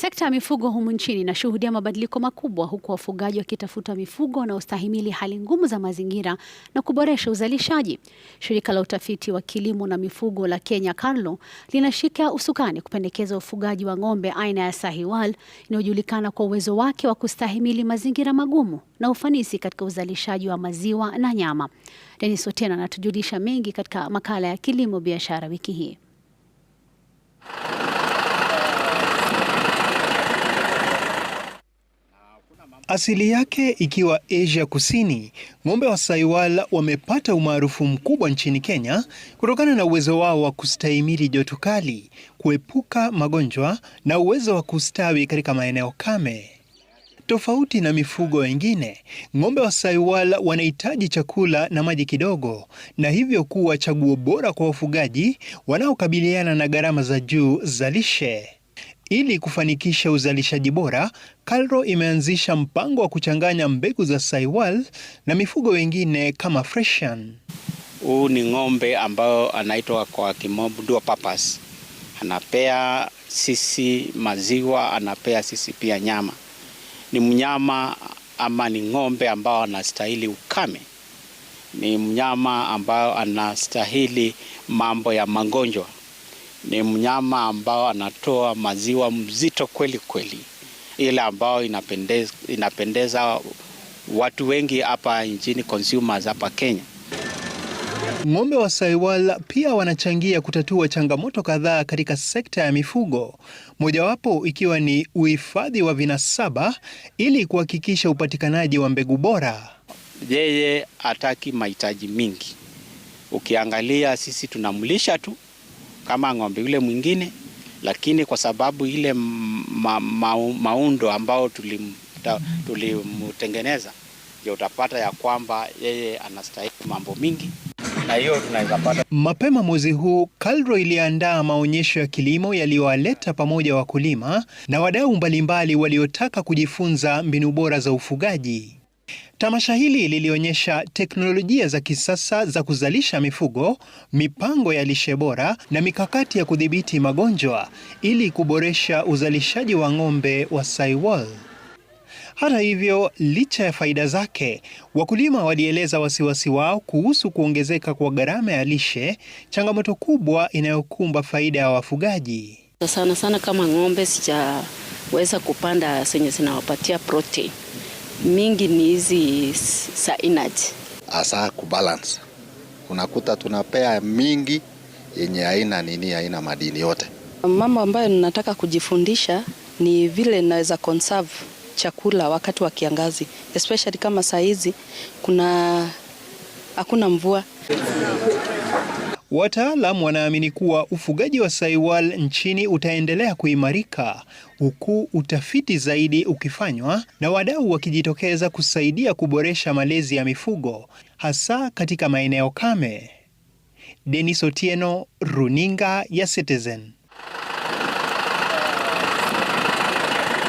Sekta ya mifugo humu nchini inashuhudia mabadiliko makubwa huku wafugaji wakitafuta mifugo wanaostahimili hali ngumu za mazingira na kuboresha uzalishaji. Shirika la utafiti wa kilimo na mifugo la Kenya KALRO linashika usukani kupendekeza ufugaji wa ng'ombe aina ya Sahiwal inayojulikana kwa uwezo wake wa kustahimili mazingira magumu na ufanisi katika uzalishaji wa maziwa na nyama. Denis Otieno anatujulisha mengi katika makala ya Kilimo Biashara wiki hii. Asili yake ikiwa Asia Kusini, ng'ombe wa Saiwal wamepata umaarufu mkubwa nchini Kenya kutokana na uwezo wao wa kustahimili joto kali, kuepuka magonjwa na uwezo wa kustawi katika maeneo kame. Tofauti na mifugo wengine, ng'ombe wa Saiwal wanahitaji chakula na maji kidogo, na hivyo kuwa chaguo bora kwa wafugaji wanaokabiliana na gharama za juu za lishe. Ili kufanikisha uzalishaji bora, KALRO imeanzisha mpango wa kuchanganya mbegu za Saiwal na mifugo wengine kama Freshian. Huu ni ng'ombe ambayo anaitwa kwa kimombo dual purpose. Anapea sisi maziwa, anapea sisi pia nyama. Ni mnyama ama ni ng'ombe ambao anastahili ukame, ni mnyama ambayo anastahili mambo ya magonjwa ni mnyama ambao anatoa maziwa mzito kweli kweli, ile ambao inapendeza, inapendeza watu wengi hapa nchini, consumers hapa Kenya. Ng'ombe wa Saiwal pia wanachangia kutatua changamoto kadhaa katika sekta ya mifugo, mojawapo ikiwa ni uhifadhi wa vinasaba ili kuhakikisha upatikanaji wa mbegu bora. Yeye hataki mahitaji mingi. Ukiangalia sisi tunamlisha tu kama ng'ombe yule mwingine, lakini kwa sababu ile ma, ma, maundo ambao tulimtengeneza ndio utapata ya kwamba yeye anastahili mambo mingi na hiyo tunaweza pata. Mapema mwezi huu KALRO iliandaa maonyesho ya kilimo yaliyowaleta pamoja wakulima na wadau mbalimbali waliotaka kujifunza mbinu bora za ufugaji. Tamasha hili lilionyesha teknolojia za kisasa za kuzalisha mifugo, mipango ya lishe bora na mikakati ya kudhibiti magonjwa ili kuboresha uzalishaji wa ng'ombe wa Saiwal. Hata hivyo, licha ya faida zake, wakulima walieleza wasiwasi wao kuhusu kuongezeka kwa gharama ya lishe, changamoto kubwa inayokumba faida ya wafugaji. Sana sana kama ng'ombe sijaweza kupanda zenye zinawapatia protein mingi ni hizi za energy, hasa kubalance. Unakuta tunapea mingi yenye aina nini, aina madini yote. Mambo ambayo ninataka kujifundisha ni vile naweza conserve chakula wakati wa kiangazi, especially kama saa hizi kuna hakuna mvua Wataalamu wanaamini kuwa ufugaji wa saiwal nchini utaendelea kuimarika huku utafiti zaidi ukifanywa na wadau wakijitokeza kusaidia kuboresha malezi ya mifugo hasa katika maeneo kame. Denis Otieno, Runinga ya Citizen.